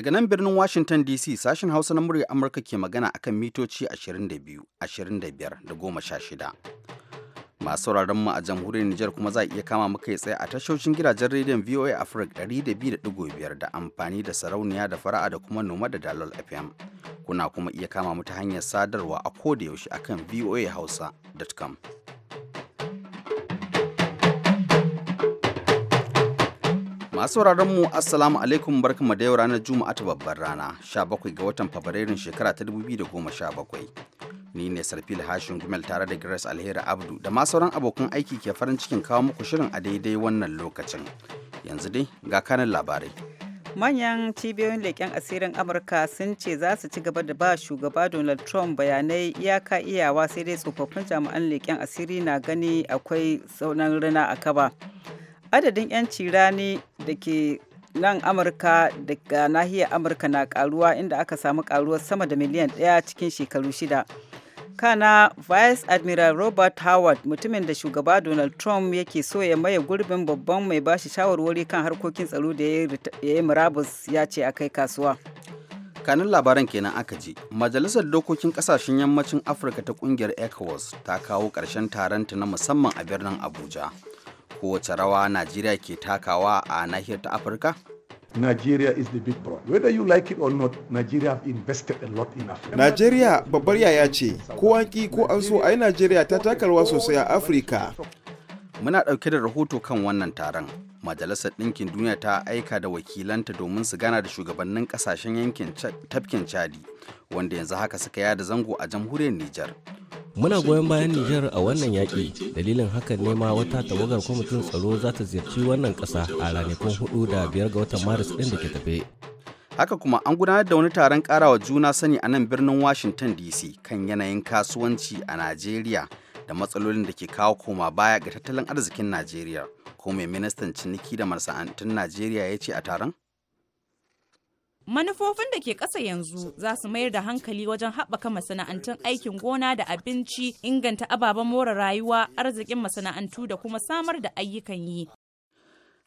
Daga nan birnin Washington DC sashen Hausa na murya Amurka ke magana akan mitoci 22, 25 da 16. Masu sauraron mu a jamhuriyar Nijar kuma za a iya kama muka tsaye a tashoshin gidajen rediyon VOA Africa 200.5 da amfani da sarauniya da fara'a da kuma noma da dalol FM. Kuna kuma iya kama mu ta hanyar sadarwa a koda yaushe akan voahausa.com. Masu mu Assalamu alaikum barkanmu da yau ranar Juma'a ta babbar rana 17 ga watan Fabrairun shekara ta 2017. Ni ne Sarfil Hashin Gumel tare da Grace Alheri Abdu da masu sauran abokan aiki ke farin cikin kawo muku shirin a daidai wannan lokacin. Yanzu dai ga kanin labarai. Manyan cibiyoyin leƙen asirin Amurka sun ce za su ci gaba da ba shugaba Donald Trump bayanai iyaka iyawa sai dai tsofaffin jami'an leƙen asiri na gani akwai saunan rana a kaba. adadin 'yan rani da ke nan amurka daga nahiyar amurka na karuwa inda aka samu karuwar sama da miliyan daya cikin shekaru shida kana vice admiral robert howard mutumin da shugaba donald trump yake so ya maye gurbin babban mai bashi shawarwari kan harkokin tsaro da ya yi murabus ya ce a kai kasuwa kanin labaran kenan aka je majalisar dokokin kasashen yammacin afirka ta kungiyar ecowas ta kawo ƙarshen taronta na musamman a birnin abuja kowace rawa najeriya ke takawa a nahiyar ta afirka Nigeria is the big problem. Whether you like it or not, Nigeria have invested a lot in Africa. Nigeria babbar yaya ce, ko an ki ko an so ai Nigeria ta takarwa sosai a Afirka. Muna ɗauke da rahoto kan wannan taron. Majalisar Ɗinkin Duniya ta aika da wakilanta domin su gana da shugabannin ƙasashen yankin tafkin Chadi, wanda yanzu haka suka yada zango a jamhuriyar Nijar. muna goyon bayan Nijar a wannan yaƙi dalilin hakan ne ma wata tawagar kwamitin tsaro za ta ziyarci wannan ƙasa a ranakun hudu da biyar ga watan maris ɗin da ke tafe haka kuma an gudanar da wani taron karawa juna sani a nan birnin washington dc kan yanayin kasuwanci a najeriya da matsalolin da ke kawo koma baya ga tattalin arzikin najeriya ko mai ministan ciniki da masana'antun najeriya ya ce a taron manufofin da ke ƙasa yanzu za su mayar da hankali wajen haɓaka masana'antun aikin gona da abinci inganta ababen more rayuwa arzikin masana'antu da kuma samar da ayyukan yi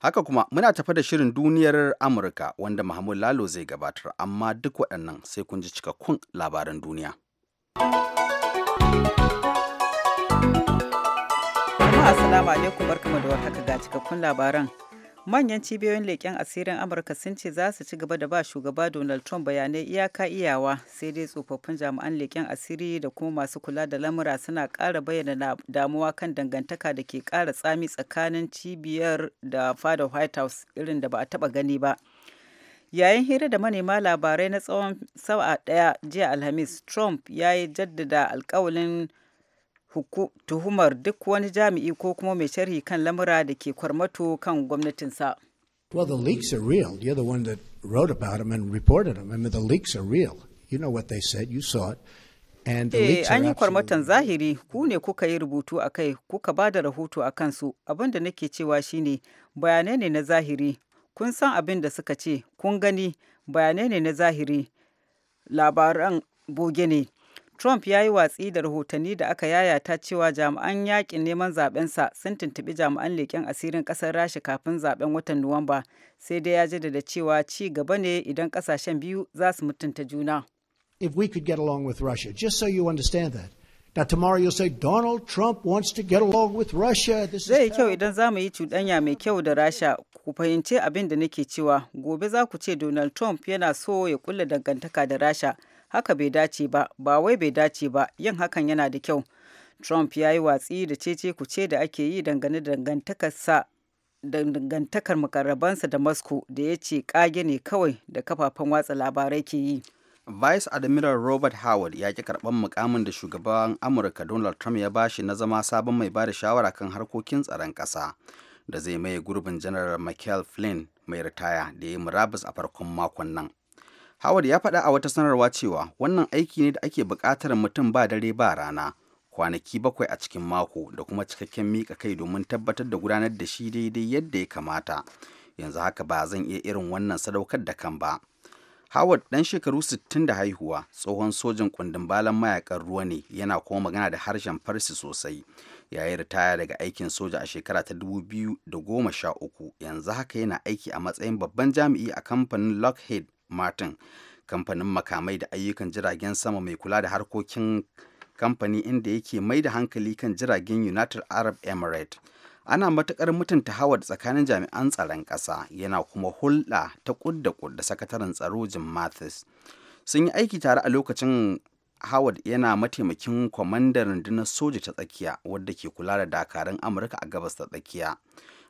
haka kuma muna tafa da shirin duniyar amurka wanda mahmud lalo zai gabatar amma duk waɗannan sai kun ji cikakkun labaran duniya Assalamu alaikum barkamu da warhaka ga cikakkun labaran manyan cibiyoyin leƙen asirin amurka sun ce za su ci gaba da ba shugaba donald trump bayanai iyaka iyawa sai dai tsofaffin jami'an leƙen asiri da kuma masu kula da lamura suna ƙara bayyana damuwa kan dangantaka da ke ƙara tsami tsakanin cibiyar da fada white house irin da ba a taɓa gani ba yayin hira da manema labarai na tsawon sa'a ɗaya jiya alhamis trump ya yi jaddada alkawalin tuhumar duk wani jami'i ko kuma mai sharhi kan lamura da ke kwarmato kan gwamnatinsa. Well, the leaks are real. You're the one that wrote about them and reported them. I mean, the leaks are real. You know what they said. You saw it. Eh, an yi kwarmatan zahiri ku ne kuka yi rubutu a kai kuka ba da rahoto a kansu abin da nake cewa shine bayanai ne na zahiri kun san abin da suka ce kun gani bayanai ne na zahiri labaran boge ne Trump ya yi watsi da rahotanni da aka yayata cewa jami'an yakin neman zabensa sun tuntuɓi jami'an leƙen asirin ƙasar Rasha kafin zaben watan Nuwamba, sai dai ya jaddada cewa ci gaba ne idan ƙasashen biyu za su mutunta juna. If we could get along with Russia, just so you understand that. Now tomorrow you'll say Donald Trump wants to get along with Russia. Zai kyau idan za mu yi cuɗanya mai kyau da Rasha, ku fahimci abin da nake cewa, gobe za ku ce Donald Trump yana so ya kulle dangantaka da Rasha. haka bai dace ba ba wai bai dace ba yin hakan yana da kyau trump ya yi watsi da cece kuce da ake yi dangane da dangantakarsa dangantakar makarabansa da moscow da ya ce kage ne kawai da kafafen watsa labarai ke yi vice admiral robert howard ya ki karɓar mukamin da shugaban amurka donald trump ya bashi na zama sabon mai bada shawara kan harkokin tsaron kasa da zai maye gurbin general michael flynn mai ritaya da ya yi murabus a farkon makon nan Howard ya faɗa a wata sanarwa cewa wannan aiki ne da ake buƙatar mutum ba dare ba rana kwanaki bakwai a cikin mako da kuma cikakken miƙa kai domin tabbatar da gudanar da shi daidai yadda ya kamata. Yanzu haka ba zan iya irin wannan sadaukar da kan ba. Howard ɗan shekaru sittin da haihuwa tsohon sojin kundin balan mayakan ruwa ne yana kuma magana da harshen farsi sosai. Ya yi ritaya daga aikin soja a shekara ta dubu biyu da goma sha uku yanzu haka yana aiki a matsayin babban jami'i a kamfanin Lockheed martin kamfanin makamai da ayyukan jiragen sama mai kula da harkokin kamfani inda yake mai da hankali kan jiragen united arab emirates ana matukar mutunta howard tsakanin jami'an tsaron ƙasa yana kuma hulɗa ta ƙudda da sakataren tsaro jim mathis sun yi aiki tare a lokacin howard yana mataimakin kwamandan rundunar soja ta tsakiya wadda ke kula da dakarun amurka a gabas ta tsakiya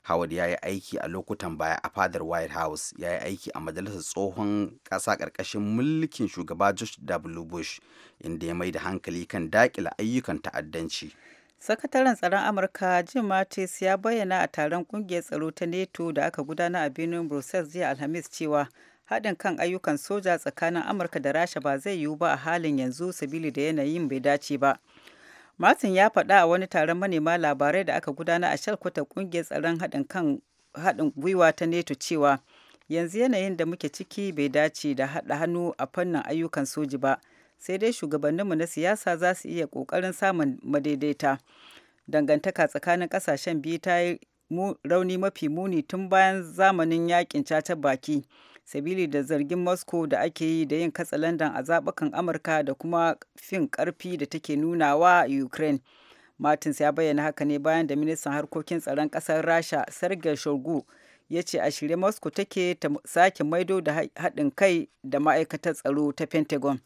howard ya yi aiki a lokutan baya a fadar white house ya yi aiki a majalisar tsohon ƙasa ƙarƙashin mulkin shugaba george w bush inda ya mai da hankali kan daƙila ayyukan ta'addanci sakataren tsaron amurka jim mattis ya bayyana a taron ƙungiyar tsaro ta nato da aka gudana a birnin brussels jiya alhamis cewa haɗin kan ayyukan soja tsakanin amurka da rasha ba zai yiwu ba a halin yanzu sabili da yanayin bai dace ba Martin ya faɗa a wani taron manema labarai da aka gudana a shalkwata ƙungiyar tsaron haɗin kan haɗin gwiwa ta NATO cewa yanzu yanayin da muke ciki bai dace da haɗa hannu a fannin ayyukan soji ba sai dai shugabanninmu na siyasa za su iya ƙoƙarin samun madaidaita dangantaka tsakanin ƙasashen biyu ta yi rauni mafi muni tun bayan zamanin yakin cacar baki sabili da zargin moscow da ake yi da yin katsalandan a zaɓukan amurka da kuma fin ƙarfi da take nunawa ukraine martins ya bayyana haka ne bayan da ministan harkokin tsaron ƙasar rasha sergei shogu ya ce a shirye moscow take ta sake maido da haɗin kai da ma'aikatar tsaro ta pentagon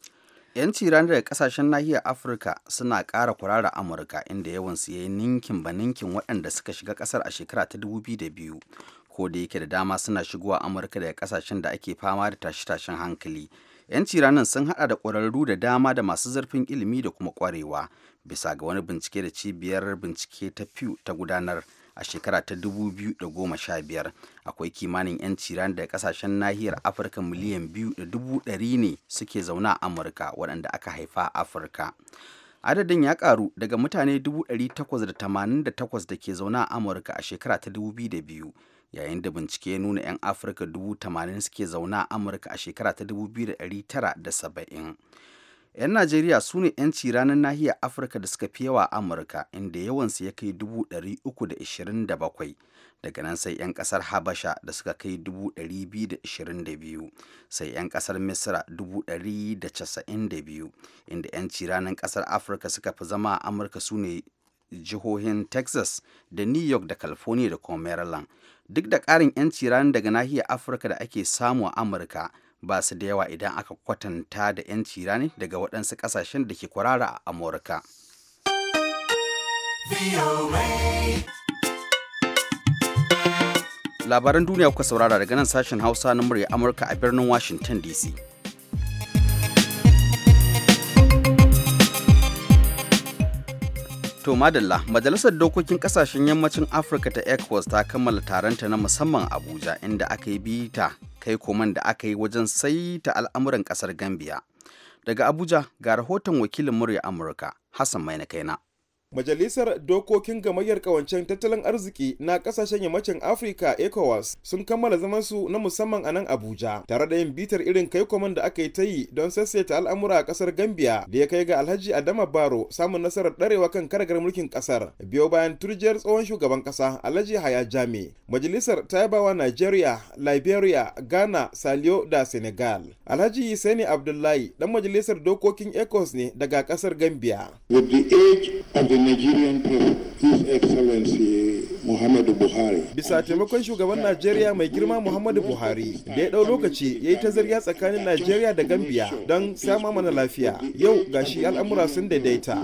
yanci ranar da kasashen nahiyar afirka suna ƙara kurara amurka inda yawansu ya yi ninkin ba ninkin waɗanda suka shiga ƙasar a shekara ta 2002 ko da yake da dama suna shigowa amurka daga kasashen da ake fama da tashe-tashen hankali yan ciranin sun hada da kwararru da dama da masu zurfin ilimi da kuma kwarewa bisa ga wani bincike da cibiyar bincike ta pew ta gudanar a shekara ta 2015 akwai kimanin yan ciran da kasashen nahiyar afirka miliyan biyu da dubu 2.100 ne suke zauna a amurka waɗanda aka haifa afirka adadin ya karu daga mutane 888 da ke zauna a amurka a shekara ta 2002 yayin da bincike ya nuna 'yan afirka dubu tamanin suke zauna a amurka a shekara ta saba'in 'yan najeriya su ne 'yanci ranar nahiyar afirka da suka fi yawa amurka inda yawansu ya kai 327 daga nan sai 'yan kasar habasha da suka kai 222 sai 'yan kasar misra 192 inda 'yanci ranar kasar afirka suka fi zama a amurka su ne jihohin texas da new york da california da kuma maryland duk da ƙarin 'yanci ranar daga nahiyar afirka da ake samu a amurka ba su da yawa idan aka kwatanta da 'yanci rani daga waɗansu ƙasashen da ke kwarara a amurka labaran duniya kuka saurara daga nan sashen hausa na murya amurka a birnin washington dc To madalla majalisar dokokin kasashen yammacin Afirka ta ECOWAS ta kammala taronta na musamman Abuja inda aka yi bita kai koman da aka yi wajen saita al'amuran kasar Gambia. Daga Abuja ga rahoton wakilin murya Amurka Hassan Mai na kaina. Majalisar Dokokin Gamayyar Kawancen Tattalin Arziki na ƙasashen Yammacin Afirka ECOWAS sun kammala zaman su na musamman a nan Abuja, tare da yin bitar irin kai kwaman da aka yi ta yi don sassaita al'amura a kasar Gambia da ya kai ga Alhaji Adama Baro samun nasarar ɗarewa kan karagar mulkin ƙasar Biyo bayan turjiyar tsohon shugaban ƙasa Alhaji Haya Jami. Majalisar ta wa Nigeria, Liberia, Ghana, Saliyo da Senegal. Alhaji Sani Abdullahi, ɗan majalisar dokokin ECOWAS ne daga ƙasar Gambia. Nigerian President, His Excellency Muhammadu Buhari. Bisa taimakon shugaban Najeriya mai girma Muhammadu Buhari da ya ɗau lokaci ya yi ta zarya tsakanin Najeriya da Gambia don sama mana lafiya. Yau gashi al'amura sun daidaita.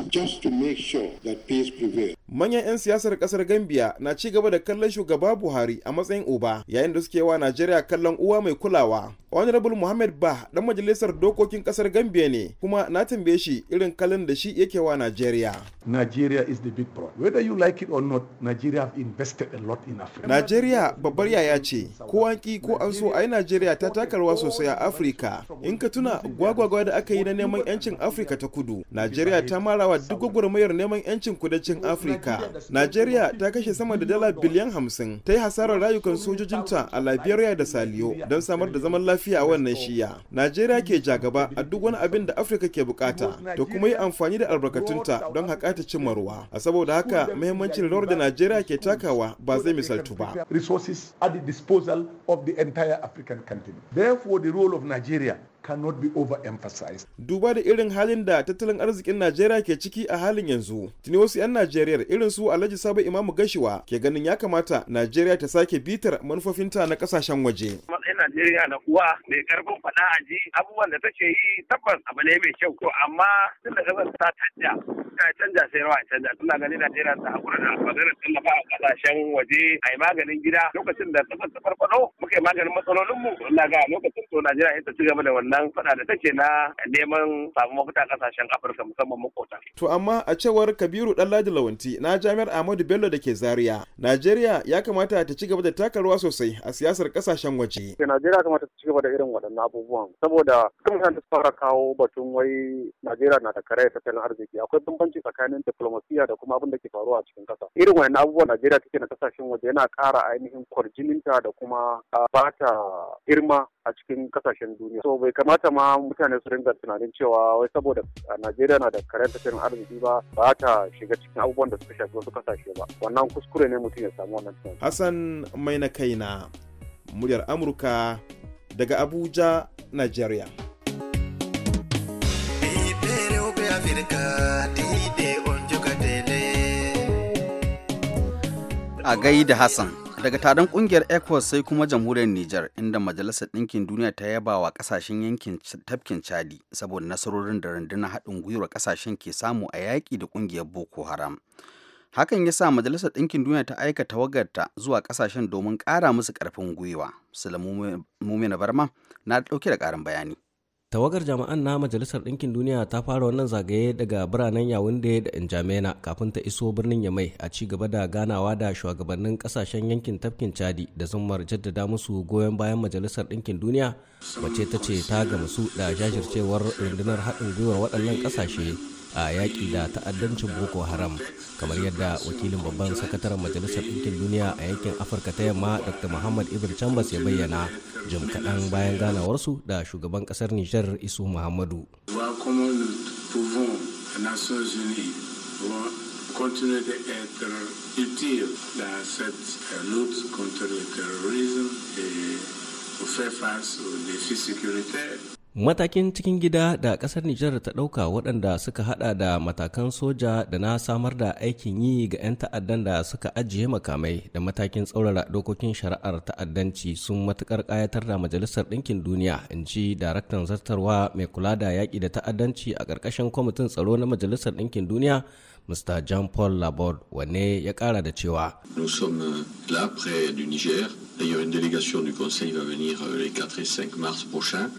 Manyan 'yan siyasar kasar Gambia na ci gaba da kallon shugaba Buhari a matsayin uba yayin da suke wa Najeriya kallon uwa mai kulawa. Honorable Muhammad Bah dan majalisar dokokin kasar Gambia ne kuma na tambaye shi irin kallon da shi yake wa Najeriya. Najeriya Nigeria is the big problem. Whether you like it or not, Nigeria have invested a lot in Africa. Nigeria babbar yaya ce, ko an ki ko an so ai Nigeria ta taka rawa sosai a Afirka. In ka tuna gwagwagwa da aka yi na neman yancin Afirka ta kudu, Nigeria ta marawa duk gwagwarmayar neman yancin kudancin Afirka. Nigeria ta kashe sama da dala biliyan hamsin, ta yi hasarar rayukan sojojinta a Liberia da Saliyo don samar da zaman lafiya a wannan shiya. Nigeria ke jagaba a duk wani abin da Afirka ke bukata, ta kuma yi amfani da albarkatunta don haƙata cimma ruwa a saboda haka muhimmancin rawar da najeriya ke takawa ba zai misaltu ba resources at the disposal of the entire african continent therefore the role of nigeria cannot be overemphasized. Duba da irin halin da tattalin arzikin Najeriya ke ciki a halin yanzu, tuni wasu 'yan najeriyar irin su Alhaji Sabo Imamu Gashiwa ke ganin ya kamata Najeriya ta sake bitar manufofinta na kasashen waje. 'yan Najeriya na uwa mai karfin faɗa a ji abubuwan da take yi tabbas abu ne mai kyau. To amma tun da ƙasar ta canja ta canja sai rawa canja suna ganin Najeriya ta haƙura da maganar tallafa a ƙasashen waje a yi maganin gida lokacin da ta ta farfaɗo muka yi maganin matsalolinmu. Ina ga lokacin to Najeriya ita ci gaba da wannan faɗa da take na neman samu mafita a ƙasashen Afirka musamman makota. To amma a cewar Kabiru danladi Lawanti na Jami'ar Ahmadu Bello da ke Zaria, Najeriya ya kamata ta ci gaba da taka sosai a siyasar ƙasashen waje. ce Najeriya kamata ta ci gaba da irin waɗannan abubuwan saboda duk mutane su fara kawo batun wai Najeriya na da ta tattalin arziki akwai bambanci tsakanin diplomasiya da kuma abin da ke faruwa a cikin ƙasa irin waɗannan abubuwan Najeriya take na kasashen waje yana ƙara ainihin kwarjininta da kuma bata girma a cikin kasashen duniya so bai kamata ma mutane su ringa tunanin cewa wai saboda Najeriya na da ta tattalin arziki ba ba ta shiga cikin abubuwan da suka shafi wasu kasashe ba wannan kuskure ne mutum ya samu wannan tunanin Hassan mai na kaina muryar amurka daga abuja nigeria a da hassan daga taron kungiyar ecowas sai kuma jamhuriyar niger inda majalisar ɗinkin duniya ta yaba wa ƙasashen yankin tafkin chadi saboda nasarorin da rundunar haɗin gwiwar kasashen ke samu a yaƙi da ƙungiyar boko haram Hakan ya sa Majalisar Ɗinkin Duniya ta aika tawagarta zuwa ƙasashen domin ƙara musu ƙarfin gwiwa. Sulamu na Barma na ɗauke da ƙarin bayani. tawagar jami'an na majalisar ɗinkin duniya ta fara wannan zagaye daga biranen yawunde da injamena kafin ta iso birnin yamai a ci gaba da ganawa da shugabannin kasashen yankin tafkin chadi da zummar jaddada musu goyon bayan majalisar ɗinkin duniya mace ta ce ta gamsu da jajircewar rundunar haɗin gwiwar waɗannan ƙasashe a yaƙi da ta'addancin boko haram kamar yadda wakilin babban sakataren majalisar ɗinkin duniya a yankin afirka ta yamma dr muhammad ibn chambers ya bayyana jim kaɗan bayan ganawarsu da shugaban ƙasar nijar isu muhammadu continuer d'être utile dans Matakin cikin gida da ƙasar Nijar ta ɗauka waɗanda suka haɗa da matakan soja da na samar da aikin yi ga 'yan ta'addan da suka ajiye makamai da matakin tsaurara dokokin shari'ar ta'addanci sun matukar ƙayatar da Majalisar Ɗinkin Duniya, in ji daraktan zartarwa mai kula da yaƙi da ta'addanci a ƙarƙashin kwamitin tsaro na Majalisar Ɗinkin Duniya Mr. Jean-Paul labord wanne ya kara da cewa. Nous sommes là près du Niger. Euh,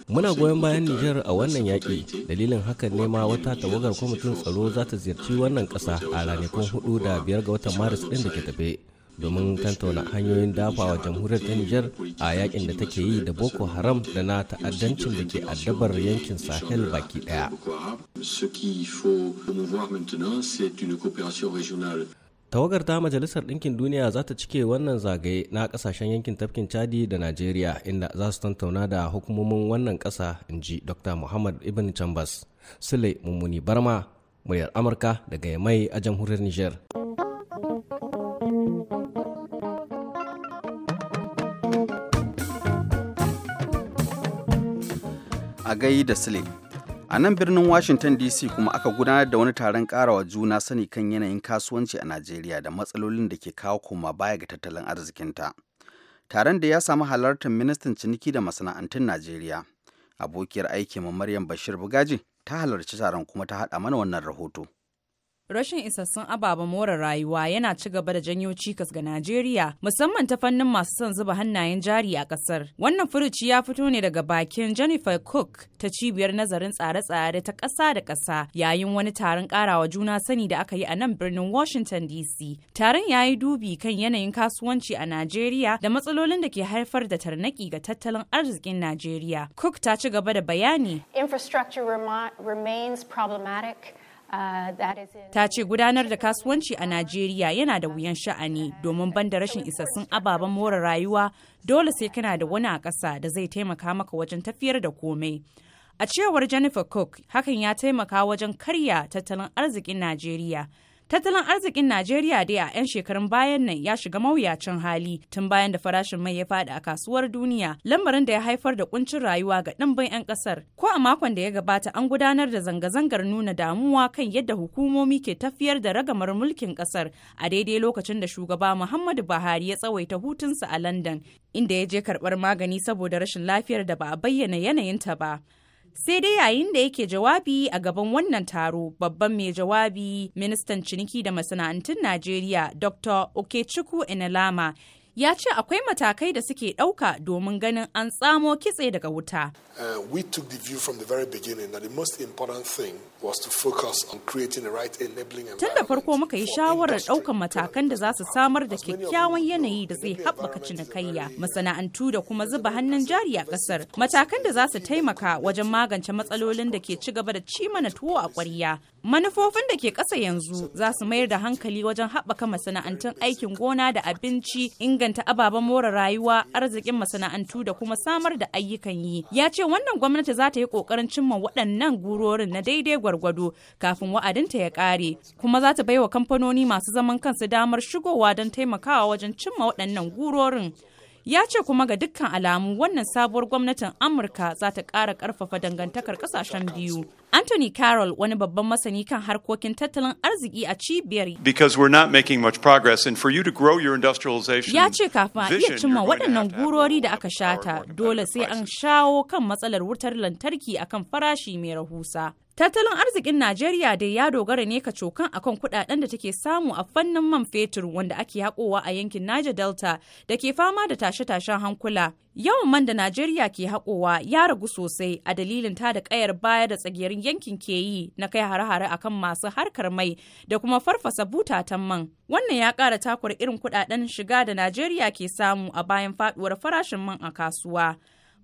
Muna goyon bayan nijar a wannan yaƙi. Dalilin hakan ne ma wata tawagar kwamitin tsaro za ta ziyarci wannan ƙasa a ranakun 4 da 5 ga watan Maris ɗin da ke tafe. domin tantauna hanyoyin dafawa jamhuriyar ta Nijar a yakin da take yi da Boko Haram da na ta'addancin da ke addabar yankin Sahel baki daya. Tawagar ta Majalisar Ɗinkin Duniya za ta cike wannan zagaye na ƙasashen yankin tafkin Chadi da Najeriya inda za su tantauna da hukumomin wannan ƙasa in ji Dr. Muhammad Ibn Chambers. Sule Mummuni Barma, muryar Amurka daga Yamai a jamhuriyar Nijar. a gai da sile a nan birnin washington dc kuma aka gudanar da wani taron karawa juna sani kan yanayin kasuwanci a najeriya da matsalolin da ke kawo koma baya ga tattalin arzikinta taron da ya samu halartar ministan ciniki da masana'antun najeriya abokiyar ma maryam bashir bugaji ta halarci taron kuma ta haɗa mana wannan rahoto Rashin isassun ababen more rayuwa yana ci gaba da janyo cikas ga Najeriya musamman ta fannin masu son zuba hannayen jari a kasar. Wannan furuci ya fito ne daga bakin Jennifer Cook ta cibiyar nazarin tsare-tsare ta ƙasa da ƙasa yayin wani taron ƙarawa juna sani da aka yi a nan birnin Washington DC. Taron ya yi dubi kan yanayin kasuwanci a Najeriya da matsalolin da ke haifar da tarnaki ga tattalin arzikin Najeriya. Cook ta ci gaba da bayani. Infrastructure remains problematic. Uh, Ta ce gudanar da kasuwanci a Najeriya yana da wuyan sha'ani domin banda rashin isassun ababen more rayuwa dole sai kana da wani a ƙasa da zai taimaka maka wajen tafiyar da komai. A cewar Jennifer Cook, hakan ya taimaka wajen karya tattalin arzikin Najeriya Tattalin arzikin Najeriya dai a 'yan shekarun bayan nan ya shiga mawuyacin hali tun bayan da farashin mai ya faɗi a kasuwar duniya, lambarin da ya haifar da kuncin rayuwa ga ɗimbin 'yan ƙasar. Ko a makon da ya gabata an gudanar da zanga-zangar nuna damuwa kan yadda hukumomi ke tafiyar da ragamar mulkin ƙasar a daidai lokacin da shugaba Muhammadu Buhari ya tsawaita hutunsa a London, inda ya je karɓar magani saboda rashin lafiyar da ba a bayyana yanayinta ba. sai dai yayin da yake jawabi a gaban wannan taro babban mai jawabi ministan ciniki da masana'antun najeriya dr okechukwu enelama ya ce akwai matakai da suke ɗauka domin ganin an tsamo kitse daga wuta. Uh, we took the view from the very beginning that the most important thing Tun da farko muka yi shawarar ɗaukan matakan da za su samar da kyakkyawan yanayi da zai haɓaka cinikayya, masana'antu da kuma zuba hannun jari a ƙasar. Matakan da za su taimaka wajen magance matsalolin da ke ci gaba da ci mana tuwo a ƙwarya. Manufofin da ke ƙasa yanzu za su mayar da hankali wajen haɓaka masana'antun aikin gona da abinci, inganta ababen more rayuwa, arzikin masana'antu da kuma samar da ayyukan yi. Ya ce wannan gwamnati za ta yi ƙoƙarin cimma waɗannan gurorin na daidai gwar gwargwado kafin wa'adinta ya ƙare kuma za ta wa kamfanoni masu zaman kansu damar shigowa don taimakawa wajen cimma waɗannan gurorin. ya ce kuma ga dukkan alamu wannan sabuwar gwamnatin amurka za ta ƙara ƙarfafa dangantakar ƙasashen biyu anthony carroll wani babban masani kan harkokin tattalin arziki a cibiyar making progress grow ya ce kafin a iya cimma waɗannan gurori da aka shata dole sai an shawo kan matsalar wutar lantarki akan farashi mai rahusa Tattalin arzikin Najeriya dai ya dogara ne kacokan akan kudaden da take samu a fannin man fetur wanda ake haƙowa a yankin Niger Delta da ke fama da tashe-tashen hankula. Yawan man da Najeriya ke haƙowa ya ragu sosai a dalilin ta da ƙayar baya da tsagiyar yankin ke yi na kai hare-hare akan masu harkar mai da kuma farfasa butatan man. Wannan ya ƙara takuwar irin kudaden shiga da Najeriya ke samu a bayan faɗuwar farashin man a kasuwa.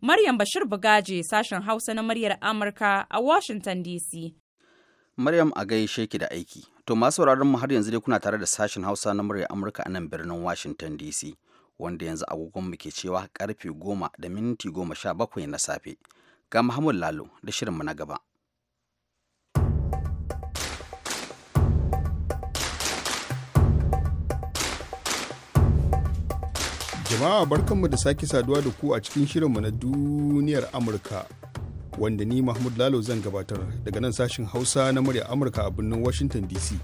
Maryam Bashir Bugaje sashen Hausa na muryar Amurka a Washington DC. Maryam a gaishe ki da aiki. To masu sauraron mu har yanzu dai kuna tare da sashen Hausa na muryar Amurka a nan birnin Washington DC wanda yanzu agogon mu ke cewa karfe goma da minti goma sha bakwai na safe. Ga Muhammad Lalo da mu na gaba. Jama'a barkanmu da sake saduwa da ku a cikin shirinmu na duniyar Amurka wanda ni Mahmud Lalo zan gabatar daga nan sashin Hausa na murya Amurka a birnin Washington DC.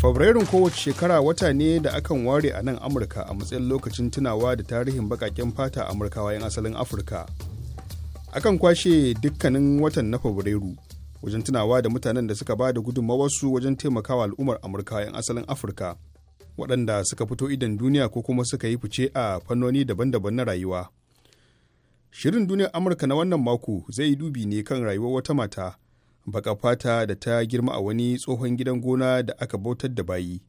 Fabrairun kowace shekara wata ne da akan ware a nan Amurka a matsayin lokacin tunawa da tarihin bakaken fata Amurkawa 'yan asalin Afirka. Akan kwashe dukkanin watan na Fabrairu wajen tunawa da mutanen da suka ba da gudunmawarsu wajen taimakawa al'ummar amurka 'yan asalin afirka waɗanda suka fito idan duniya ko kuma suka yi fice a fannoni daban-daban na rayuwa shirin duniyar amurka na wannan mako zai yi dubi ne kan rayuwar wata mata baka fata da ta girma a wani tsohon gidan gona da aka bautar da bayi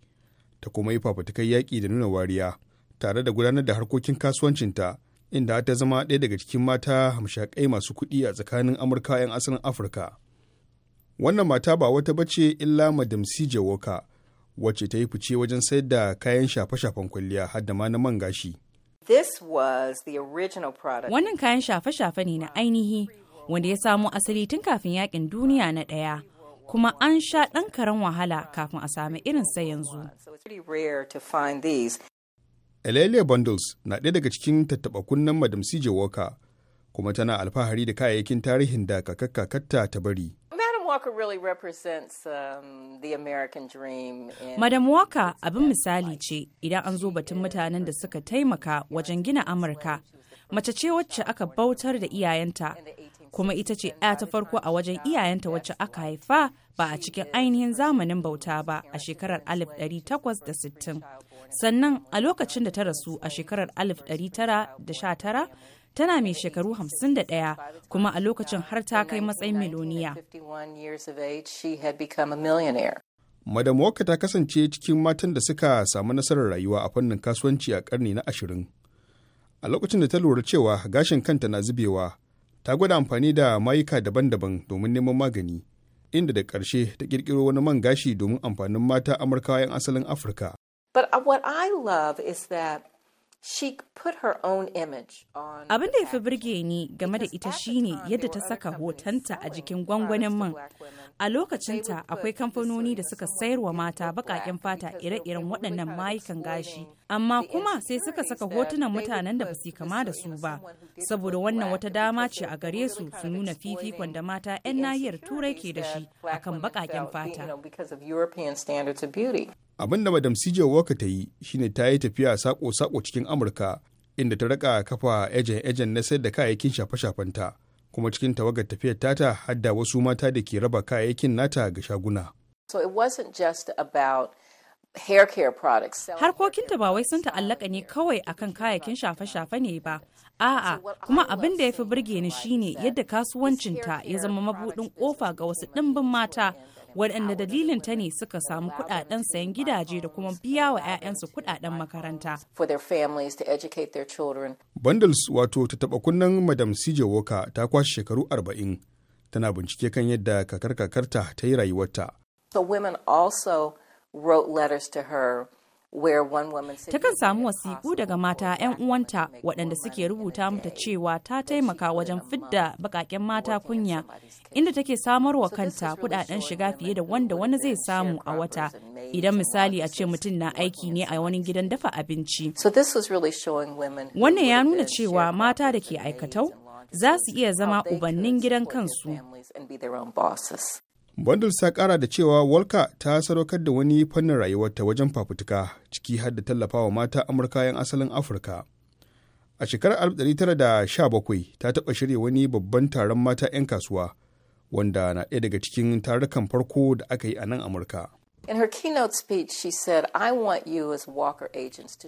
ta kuma yi fafutukar yaƙi da nuna wariya tare da gudanar da harkokin kasuwancinta inda ta zama ɗaya daga cikin mata hamshakai masu kuɗi a tsakanin amurka 'yan asalin afirka wannan mata ba wata bace illa madam sije woka wacce ta yi fice wajen sayar da kayan shafe-shafen kwalliya har da ma na man gashi wannan kayan shafe-shafe ne na ainihi wanda ya samo asali tun kafin yakin duniya na ɗaya kuma an sha ɗan karen wahala kafin a sami irin sa yanzu. Elele Bundles na ɗaya daga cikin tattaɓa madam sije woka kuma tana alfahari da kayayyakin tarihin da kakakkakarta ta bari. Walker really represents um, the American dream. Madam Walker abin misali ce idan an zo batun mutanen da suka taimaka wajen gina Amurka. Mace ce wacce aka bautar da iyayenta, kuma ita ce 'ya ta farko a wajen iyayenta wacce aka haifa ba a cikin ainihin zamanin bauta ba a shekarar 1860. Sannan a lokacin da ta rasu a shekarar 1919 tana mai shekaru 51 kuma a lokacin har ta kai matsayin miloniya. Madam Walker ta kasance cikin matan da suka samu nasarar rayuwa a fannin kasuwanci a karni na ashirin. A lokacin da ta lura cewa gashin kanta na zubewa, ta gwada amfani da mayuka daban-daban domin neman magani, inda da ƙarshe ta ƙirƙiro wani man gashi domin amfanin mata Amurkawa 'yan asalin Afirka. But uh, what I love is Abin da ya fi birge ni game da ita shine yadda ta saka hotonta a jikin gwangwanin man. A lokacinta akwai kamfanoni da suka sayarwa mata baƙaƙen fata ire-iren waɗannan mayukan gashi, amma kuma sai suka saka hotunan mutanen da basu su kama da su ba, saboda wannan wata dama ce a gare su su nuna fifikon da mata 'yan nahiyar Turai ke da shi akan baƙaƙen fata. abin da madam cj walker ta yi shine ta yi tafiya sako-sako cikin amurka inda ta raka kafa ejen-ejen na sayar da kayayyakin shafe-shafenta kuma cikin tawagar tafiyar tata hadda wasu mata da ke raba kayayyakin nata ga shaguna so it wasn't just about Harkokinta ba wai sun ta'allaka ne kawai akan kayayyakin shafe-shafe ne ba, a'a kuma abin da ya fi burge ni shine yadda kasuwancinta ya zama mabudin kofa ga wasu ɗimbin mata waɗanda dalilin ta ne suka samu kuɗaɗen sayan gidaje da kuma biya wa 'ya'yansu kuɗaɗen makaranta. Bundles wato ta taɓa kunnen Madam CJ Walker ta kwashe shekaru arba'in tana bincike kan yadda kakar kakarta ta yi rayuwarta. So women also wrote letters to her Takan samu wasiƙu daga mata 'yan uwanta waɗanda suke rubuta mata cewa ta taimaka wajen fidda baƙaƙen mata kunya, inda take samarwa kanta kudaden shiga fiye da wanda wani zai samu a wata. Idan misali a ce mutum na aiki ne a wani gidan dafa abinci. Wannan ya nuna cewa mata da ke aikatau za su iya zama ubannin gidan kansu. Bundles ta kara da cewa walka ta sadaukar da wani fannin rayuwarta wajen fafutuka ciki har da tallafawa mata Amurka 'yan asalin Afirka. A shekarar 1917 ta taɓa shirya wani babban taron mata 'yan kasuwa wanda na ɗaya daga cikin tarukan farko da aka yi a nan Amurka.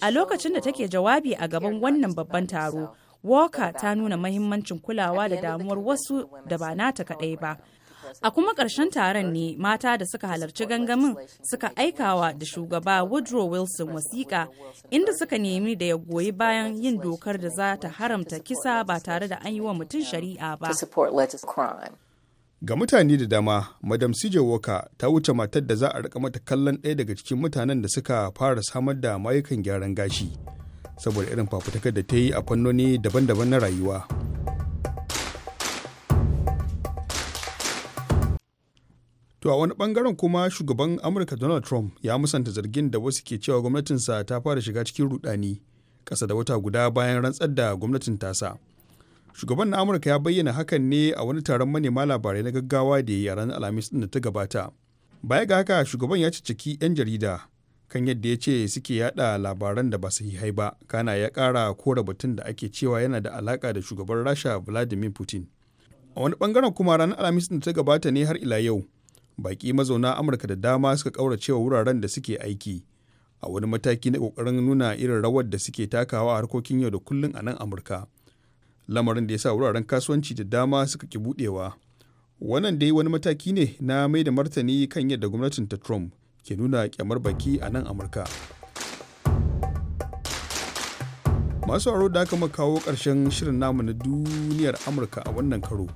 A lokacin da take jawabi a gaban wannan babban taro, Walker ta nuna mahimmancin kulawa da damuwar wasu da ba nata kaɗai ba, A kuma ƙarshen taron ne mata da suka halarci gangamin suka aikawa da shugaba Woodrow Wilson wasiƙa inda suka nemi da ya goyi bayan yin dokar da za ta haramta kisa ba tare da an yi wa mutum shari'a ba. Ga mutane da dama, Madam CJ Walker ta wuce matar da za a rika mata kallon ɗaya daga cikin mutanen da suka fara samar da mayukan gyaran gashi, saboda irin fafutukar da ta yi a fannoni daban-daban na rayuwa. To a wani bangaren kuma shugaban Amurka Donald Trump ya musanta zargin da wasu ke cewa gwamnatinsa ta fara shiga cikin rudani kasa da wata guda bayan rantsar da gwamnatin tasa. Shugaban na Amurka ya bayyana hakan ne a wani taron manema labarai na gaggawa da ya yi a ranar Alhamis ɗin da ta gabata. Baya ga haka shugaban ya cicciki 'yan jarida kan yadda ya ce suke yada labaran da ba su yi ba kana ya kara kora batun da ake cewa yana da alaka da shugaban rasha vladimir putin a wani bangaren kuma ranar alhamis da ta gabata ne har ila yau baƙi mazauna amurka da dama suka ƙauracewa wuraren da suke aiki a wani mataki na ƙoƙarin nuna irin rawar da suke takawa a harkokin yau da kullum a nan amurka lamarin da ya sa wuraren kasuwanci da dama suka ki buɗewa wannan dai wani mataki ne na mai da martani kan yadda gwamnatin ta trump ke nuna kyamar baki a nan amurka masu aro da aka kawo ƙarshen shirin namu na duniyar amurka a wannan karo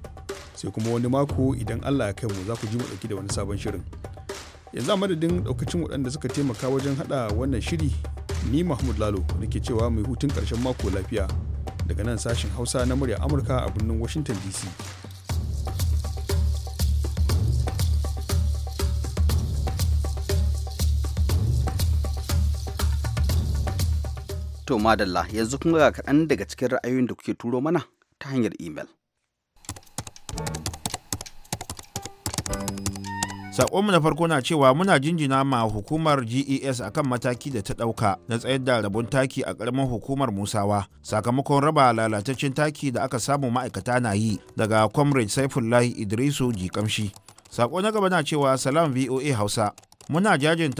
sai kuma wani mako idan allah ya kai mu za ku ji mu dauki da wani sabon shirin yanzu a madadin daukacin waɗanda suka taimaka wajen hada wannan shiri ni mahmud lalo nake cewa mai hutun karshen mako lafiya daga nan sashen hausa na murya amurka a birnin washington dc to madalla yanzu kuma ga kaɗan daga cikin ra'ayoyin da kuke turo mana ta hanyar imel. Sakonmu na farko na cewa muna jinjina ma hukumar GES kan mataki da ta ɗauka na tsayar da rabon taki a ƙaramin hukumar Musawa sakamakon raba lalataccen taki da aka samu ma'aikata na yi daga Comrade Saifullahi Idrisu Jikamshi. Sako na gaba na cewa Salam VOA Hausa. Muna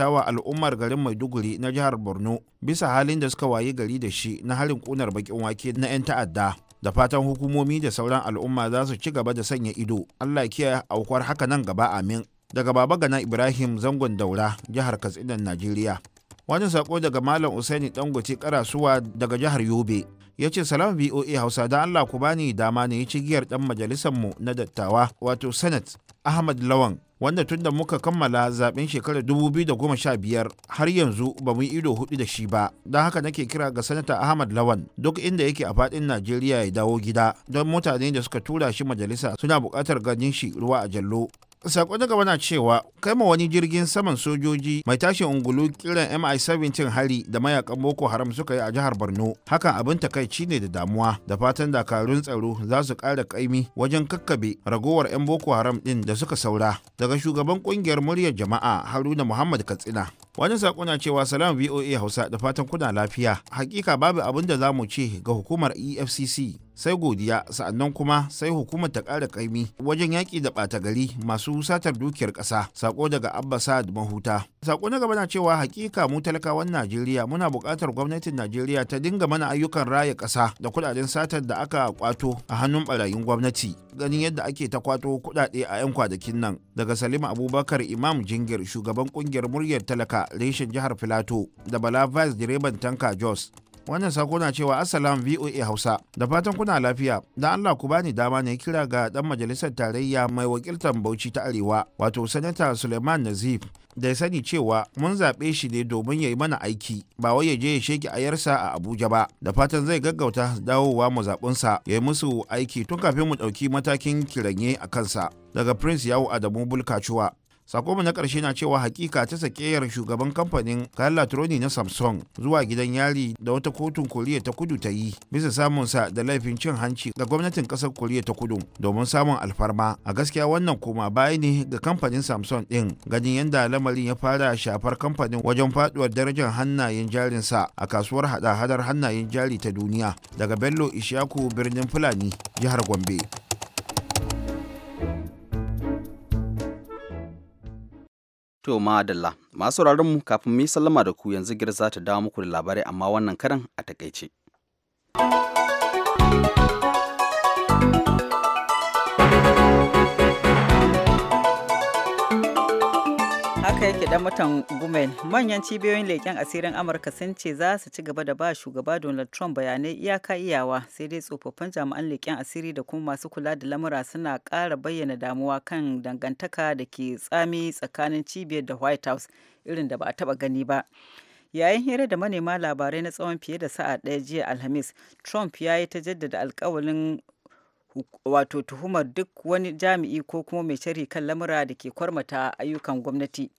wa al'ummar garin Maiduguri na jihar Borno bisa halin da suka wayi gari da shi na halin kunar bakin wake na 'yan ta'adda. da fatan hukumomi da sauran al'umma za su ci gaba da sanya ido allah kiya aukuwar haka nan gaba amin daga baba gana ibrahim zangon daura jihar katsinan najeriya wani sako daga malam usaini dangote karasuwa daga jihar yobe ya ce salam voa hausa da allah ku bani dama ne ya ci giyar dan majalisar mu na dattawa wato senate ahmad lawan wanda tun da muka kammala zaben shekarar 2015 har yanzu ba mu ido hudu da shi ba don haka nake kira ga sanata ahmad lawan duk inda yake a fadin najeriya ya dawo gida don mutane da suka tura shi majalisa suna buƙatar ganin shi ruwa a jallo Sako na gaba na cewa kai ma wani jirgin saman sojoji mai tashin ungulu kiran MI-17 hari da mayakan Boko Haram suka yi a jihar Borno. Hakan abin takaici ne da damuwa da fatan dakarun tsaro za su ƙara kaimi wajen kakkabe ragowar 'yan Boko Haram din da suka saura. Daga shugaban ƙungiyar muryar jama'a Haruna Muhammad Katsina. wani sako na cewa salam voa hausa da fatan kuna lafiya hakika babu abin da za mu ce ga hukumar efcc sai godiya sa'annan kuma sai hukumar ta ƙara kaimi wajen yaƙi da ɓata gari masu satar dukiyar ƙasa sako daga abba sa'ad mahuta sako na gaba na cewa hakika mu talakawan najeriya muna buƙatar gwamnatin najeriya ta dinga mana ayyukan raya ƙasa da kuɗaɗen satar da aka kwato a hannun ɓarayin gwamnati ganin yadda ake ta kwato kuɗaɗe a 'yan kwanakin nan daga salima abubakar imam jingir shugaban ƙungiyar muryar talaka reshen jihar filato da bala vice direban tanka jos wannan sako na cewa assalam voa hausa da fatan kuna lafiya da allah ku bani dama ne kira ga dan majalisar tarayya mai wakiltar bauchi ta arewa wato sanata suleiman nazif da ya sani cewa mun zaɓe shi ne domin ya yi mana aiki ba wai ya je ya sheki ayarsa a abuja ba da fatan zai gaggauta dawowa mu zaɓinsa ya yi musu aiki tun kafin mu ɗauki matakin kiranye a kansa daga prince yawo adamu bulkacuwa sakoma na ƙarshe na cewa hakika ta sakeyar shugaban kamfanin kayan latroni na samsung zuwa gidan yari da wata kotun koriya ta kudu ta yi bisa samunsa da laifin cin hanci ga gwamnatin ƙasar koriya ta kudu domin samun alfarma a gaskiya wannan koma baya ne ga kamfanin samsung ɗin ganin yadda lamarin ya fara shafar kamfanin wajen faduwar darajar hannayen jarinsa a kasuwar hada-hadar hannayen jari ta duniya daga bello ishaku birnin fulani jihar gombe. To madalla, masu mu kafin mu yi sallama da ku yanzu girza ta dawo muku da labarai amma wannan karan a takaice. aka yake dan mutan gumen manyan cibiyoyin leken asirin amurka sun ce za su ci gaba da ba shugaba donald trump bayanai iyaka iyawa sai dai tsofaffin jami'an leken asiri da kuma masu kula da lamura suna ƙara bayyana damuwa kan dangantaka da ke tsami tsakanin cibiyar da white house irin da ba a taba gani ba yayin hira da manema labarai na tsawon fiye da sa'a ɗaya jiya alhamis trump ya yi ta jaddada alkawalin wato tuhumar duk wani jami'i ko kuma mai shari kan lamura da ke kwarmata ayyukan gwamnati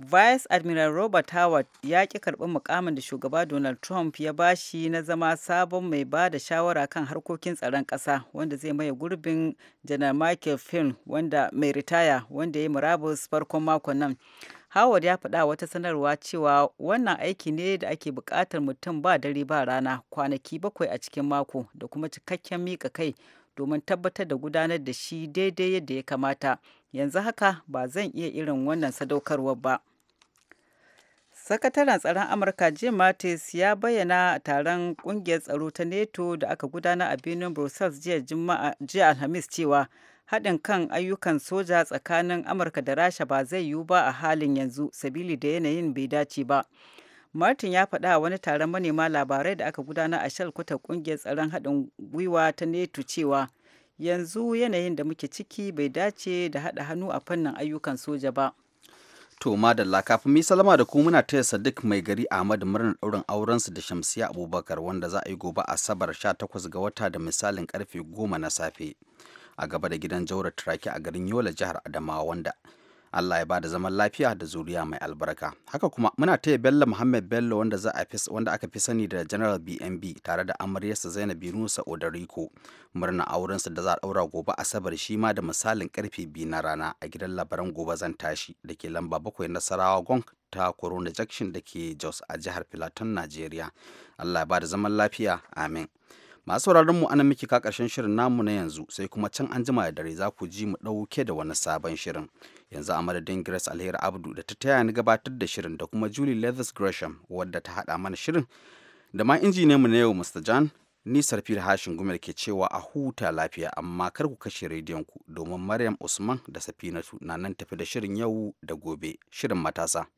Vice Admiral Robert Howard ya ƙi karɓi mukamin da shugaba Donald Trump ya ba shi na zama sabon mai ba da shawara kan harkokin tsaron ƙasa wanda zai maye gurbin Janar Michael Flynn wanda mai ritaya wanda ya yi murabus farkon makon nan. Howard ya faɗa wata sanarwa cewa wannan aiki ne da ake buƙatar mutum ba dare ba rana kwanaki bakwai a cikin mako da kuma cikakken miƙa kai domin tabbatar da gudanar da shi daidai yadda ya kamata. Yanzu haka ba zan iya irin wannan sadaukarwar ba. sakataren tsaron amurka jim mattis ya bayyana a taron kungiyar tsaro ta neto da aka gudana a birnin brussels jiya alhamis cewa haɗin kan ayyukan soja tsakanin amurka da rasha ba zai yiwu ba a halin yanzu sabili da yanayin bai dace ba martin ya faɗa a wani taron manema labarai da aka gudana a shalkuta kungiyar tsaron haɗin gwiwa ta neto cewa yanzu yanayin da muke ciki bai dace da haɗa hannu a fannin ayyukan soja ba. To madalla kafin mi salama da ku muna taya Sadiq mai gari Ahmad murnar ɗaurin aurensu da Shamsiya Abubakar wanda za a yi gobe Asabar 18 ga wata da misalin karfe 10 na safe a gaba da gidan Jaura Turaki a garin Yola jihar Adamawa wanda Allah ya ba da zaman lafiya da zuriya mai albarka. Haka kuma muna taya Bello Muhammad Bello wanda za a wanda aka fi sani da General BNB tare da amaryarsa Zainab Yunusa Odariko. Murna aurensa da za a daura gobe Asabar shi ma da misalin karfe biyu na rana a gidan labaran gobe zan tashi da ke lamba bakwai Nasarawa Gong ta Corona Junction da ke Jos a jihar Filaton Najeriya. Allah ya ba da zaman lafiya. Amin. masu mu ana miki ka karshen shirin namu na yanzu sai kuma can an jima da dare za ku ji mu ɗauke da wani sabon shirin yanzu a madadin grace alheri abdu da ta taya ni gabatar da shirin da kuma julie leathers gresham wadda ta haɗa mana shirin da ma mu na yau mr john ni sarfil hashin gumel ke cewa a huta lafiya amma kar ku kashe rediyon ku domin maryam usman da safinatu na nan tafi da shirin yau da gobe shirin matasa